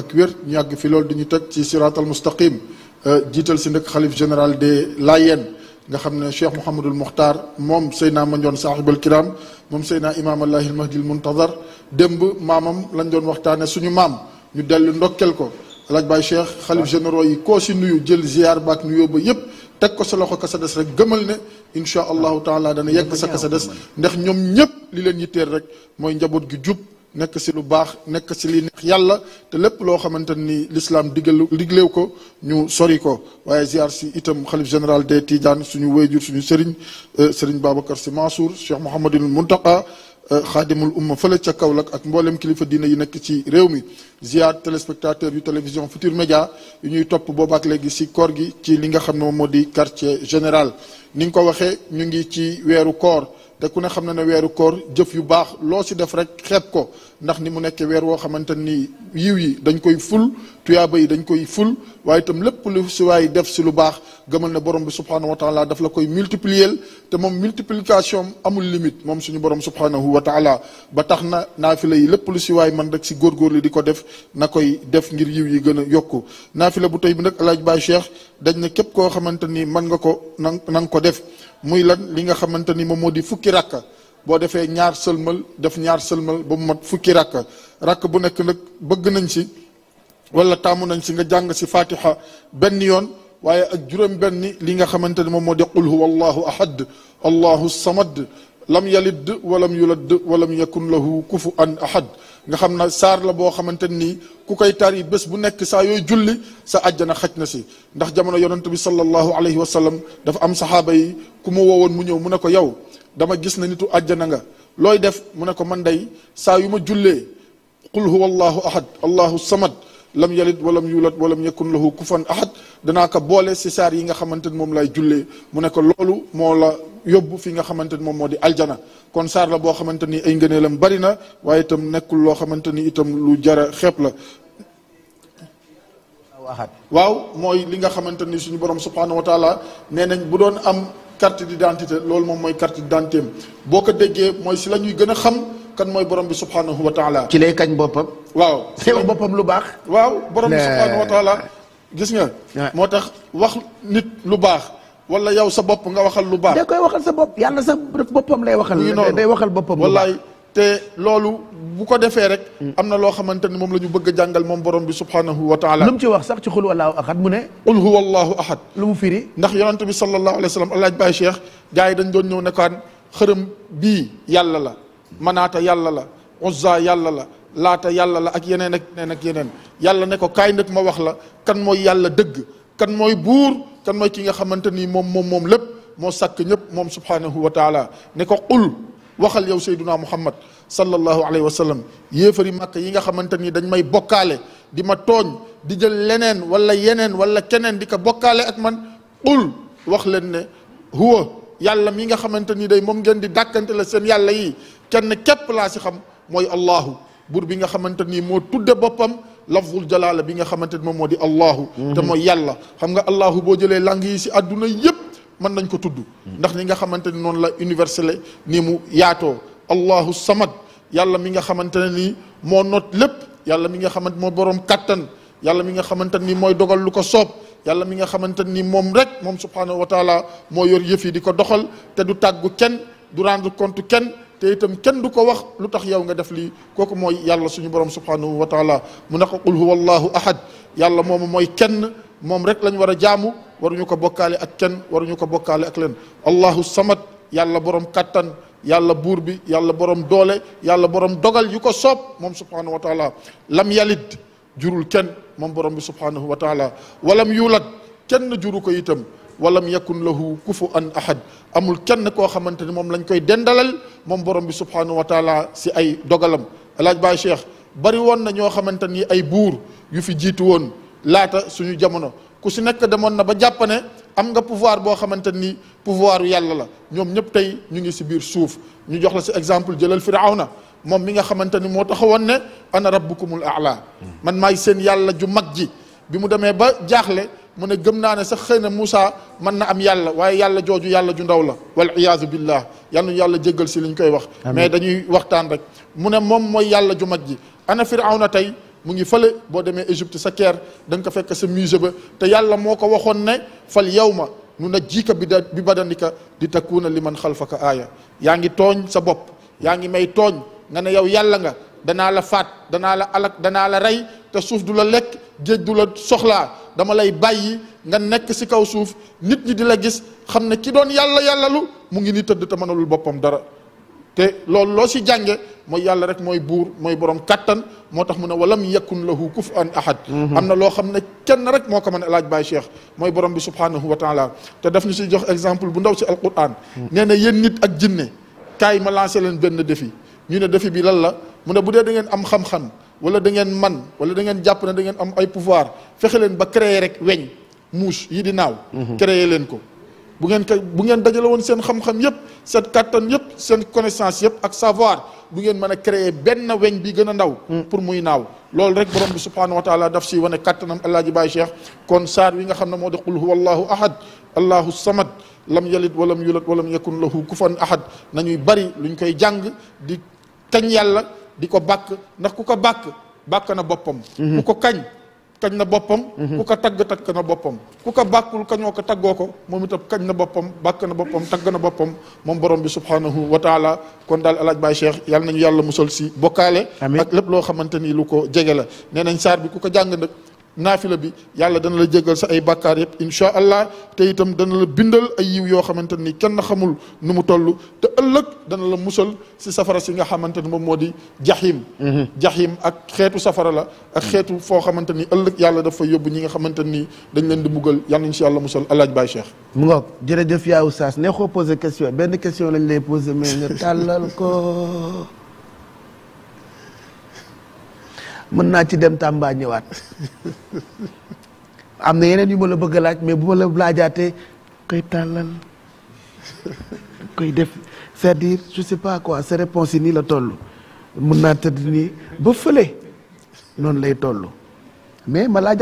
ak wér ñu yàgg fi loolu dañu teg ci siraatal mustaqim euh, jiital si nag xalif général de Layènes nga xam ne Cheikh Mouhamadul Mokhtar moom Seyna Mandione saaxibal kiram moom Seyna imaam Allahi al Mahdi al Muntazar démb maamam lañ doon waxtaane suñu maam ñu dellu ndokkel ko alaaj baay Cheikh xalif généraux yi koo si nuyu jël ziar baak nuyoo ba yëpp teg ko sa loxo kasa des rek gëmal ne incha allahu taala dana yegg sa kasa des ndax ñoom ñëpp li leen yitteel rek mooy njaboot gi jub nekk si lu baax nekk si li neex yàlla te lépp loo xamante ni lislaam digalu diglew ko ñu sori ko waaye ziar si itam xalif général de Tidiane suñu wéyjur suñu sëriñ euh, sëriñ Babacar si Mansour Cheikh Mouhamadul Muntaqa xaadimul euh, umma fële ca Kaolack ak mboolem kilifa diina yi nekk ci réew mi ziar téléspectateur yu télévision Futur Média yu ñuy topp boobaak léegi si koor gi ci li nga xam ne moom moo di quartier général ni nga ko waxee ñu ngi ci weeru koor te ku ne xam na ne weeru koor jëf yu baax loo si def rek xeet ko ndax ni mu nekkee weer woo xamante nii yiw yi dañ koy ful tuyaaba yi dañ koy ful waaye itam lépp lu si waay def si lu baax gëmal ne borom bi subhanahu wa taala daf la koy multiplier te moom multiplication amul limite moom suñu borom subhanahu wa taala ba tax na naafila yi lépp lu si waay man rek si góor góor góorgóorlu di ko def na koy def ngir yiw yi gën a yokk yokku la bu tey bi nag alaaj baay cheikh dañ ne képp koo xamante ni mën nga ko na nga ko def muy lan li nga xamante ni moom moo di fukki rakka boo defee ñaar sëlmal def ñaar sëlmal ba mu mat fukki rakka rakk bu nekk nag bëgg nañ si wala taamu nañ si nga jàng si fatiha benn yoon waaye ak juróom benn li nga xamante ni moom moo di qul huwa allahu ahad allahu samad lam yalid walam yulad walam yakun lahu kufu an ahad nga xam na saar la boo xamante nii ku koy tari bés bu nekk saa yooyu julli sa àjjana xaj na si ndax jamono yonent bi sallallahu alayhi wa sallam dafa am saxaaba yi ku mu woowoon mu ñëw mu ne ko yow dama gis na nitu àjjana nga looy def mu ne ko man day saa yu ma jullee qul huwa allahu ahad allahu samad lam yalid walam yulad walam yakun lahu kufan ahad danaa ko boole si saar yi nga xamante ni moom laay jullee mu ne ko loolu moo la yóbbu fi nga xamante ni moom moo di aljana kon saar la boo xamante ni ay ngëneelam bari na waaye itam nekkul loo xamante ni itam lu jara xeeb la waaw mooy li nga xamante ni suñu borom subhanahu wa taala nañ bu doon am carte d'identité loolu moom mooy carte d'identité am boo ko déggee mooy si la ñuy gën a xam kan mooy borom bi subhanahu wa taala ci lay kañ boppam waaw xew boppam lu baax waaw borom bi subhanahu wa gis nga moo tax wax nit lu baax wala yow sa bopp nga waxal lu baax. da koy waxal sa bopp yàlla sax boppam lay waxal. day waxal boppam wallaay te loolu bu ko defee rek. Mm. am na loo xamante ni moom la ñu bëgg a jàngal moom borom bi subhanahu wa taala. lu mu ci wax sax ci xul wallaahu ahad mu ne. qul huwa allahu ahad. lu mu firi. ndax yonent bi sallallahu alayhi wa sallam alaaj baay cheikh gars yi dañ doon ñëw nekkaan xërëm bii yàlla la. manaata yàlla la. uzza yàlla la. laata yàlla la ak yeneen ak yeneen ak yeneen yàlla ne ko kaay nag ma wax la kan mooy yàlla dëgg kan mooy buur. kan mooy ki nga xamante ni moom moom moom lépp moo sàkk ñëpp moom subhanahu wa taala ne ko qul waxal yow sayduna muhammad sallallahu alayhi wa sallam yéefari màkk yi nga xamante ni dañ may bokkaale di ma tooñ di jël leneen wala yeneen wala keneen di ko bokkaale ak man qul wax leen ne huwa yàlla mi nga xamante ni day moom ngeen di dàkkante la seen yàlla yi kenn képp laa si xam mooy allahu buur bi nga xamante ni moo tudde boppam lafzul jalaala bi nga xamante ne moom moo di allahu mhm. te mooy yàlla xam nga allahu boo jëlee langue yi si àdduna yëpp mën nañ ko tudd mhm. ndax ni nga xamante ni noonu la universel ni mu yaatoo allahu samad yàlla mi nga xamante ne ni moo noot lépp yàlla mi nga xamante moo boroom kàttan yàlla mi nga xamante ni mooy dogal lu ko soob yàlla mi nga xamante ni moom rek moom subhanahu wa moo yor yëf yi di ko doxal te du tàggu kenn du rendre compte kenn te itam kenn du ko wax lu tax yow nga def lii kooku mooy yàlla suñu borom subhanahu wa taala mu ne ko qul huwa allahu ahad yàlla moomu mooy kenn moom rek lañu war a jaamu waruñu ko bokkaale ak kenn waruñu ko bokkaale ak leen allahu samad yàlla borom kattan yàlla buur bi yàlla borom doole yàlla borom dogal yu ko soob moom subhanahu wa taala lam yalid jurul kenn moom borom bi subhanahu wa taala walam yulad kenn juru ko itam walam yakun lahu kufuwan ahad amul kenn koo xamante ni moom lañ koy dendalal moom borom bi subhanahu wa taala si ay dogalam alaaj baay cheikh bari woon na ñoo xamante ni ay buur yu fi jiitu woon laata suñu jamono ku si nekk demoon na ba jàpp am nga pouvoir boo xamante ni pouvoir yàlla la ñoom ñëpp tey ñu ngi si biir suuf ñu jox la si exemple jëlal na moom mi nga xamante ni moo taxawoon ne ana rabbukumul aala hmm. man maay seen yàlla ju mag ji bi mu demee ba jaaxle mu ne gëm naa ne sax xëy na Moussa mën na am yàlla waaye yàlla jooju yàlla ju ndaw la wal iyaazu billah yàlla yàlla jéggal si liñ koy wax mais dañuy waxtaan rek mu ne moom mooy yàlla ju mag ji ana firawna tey mu ngi fële boo demee Égypte sa keer da nga ko fekk sa musée ba te yàlla moo ko waxoon ne fal yow ma nu na jiika bi da bi badanika di takkuuna li man xalfaka aaya yaa ngi tooñ sa bopp yaa ngi may tooñ nga ne yow yàlla nga danaa la faat danaa la alak danaa la rey te suuf du la lekk géej du la soxlaa dama lay bàyyi nga nekk ci kaw suuf nit ñi di la gis xam ne ki doon yàlla yàllalu mu ngi ni tëdd te mënalul boppam dara te loolu loo ci jànge mooy yàlla rek mooy buur mooy borom kàttan moo tax mu ne walam yakun lahu kuf an ahad mhm. am na loo xam ne kenn rek moo ko mën alaaj baay cheikh mooy borom bi subhanahu wa taala te def ñu ci jox exemple bu ndaw si ci alquran mhm. nee na yéen nit ak jinne kaay ma lancé leen benn défi ñu ne défi bi lan la mu ne bu dee da ngeen am xam wala da ngeen man wala da ngeen jàpp ne da ngeen am ay pouvoir fexe leen ba créer rek weñ mouche yi di naaw mhm. créer leen ko bu ngeen ko bu ngeen dajale woon seen xam-xam yëpp seen kattan yëpp seen connaissance yëpp ak savoir bu ngeen mën a créer benn weñ bi gën a ndaw mm. pour muy naaw loolu rek borom bi subhanahu wa taala daf si wane kattanam allah ji bàyyi cheikh kon saar wi nga xam ne moo di qul huwa allahu ahad allahu samad lam yalid walam yulad walam yakun lahu kufan ahad nañuy bari ñu koy jàng di kañ yàlla di ko bàkk ndax ku ko bàkk bàkk na boppam mhm. ku ko kañ kañ na boppam mhm. ku ko tagg tagg na boppam ku ko bàkkul kañoo ko taggoo ko moom itam kañ na boppam bàkk na boppam tagg na boppam moom borom bi subhanahu wa taala kon daal alaaj baay cheikh yàlla nañu yàlla musal si bokkaale ak lépp loo xamante ni lu ko jege la nee nañ saar bi ku ko jàng nag naafila bi yàlla dana la jégal sa ay bàkkaar yëpp incha allah te itam dana la bindal ay yiw yoo xamante ni kenn xamul nu mu toll te ëllëg dana la musal si safara si nga xamante ni moom moo di jaxim mhm. jaxim ak xeetu safara la ak xeetu foo xamante ni ëllëg yàlla dafa yóbbu ñi nga xamante ni dañ leen di buggal yàlla nañ si yàlla musal alaaj baay cheikh mu nga jërëjëf yaa oustaz neexoo posé question benn question lañ lay posé mais nga tàllal ko mën naa ci dem Tamba ñëwaat am na yeneen yu ma la bëgg laaj mais bu ma la laajaatee koy tàllal koy def c'est-à-dire je pas quoi sa réponse yi nii la toll mën naa tëdd nii ba fële noonu lay tollu mais ma laaj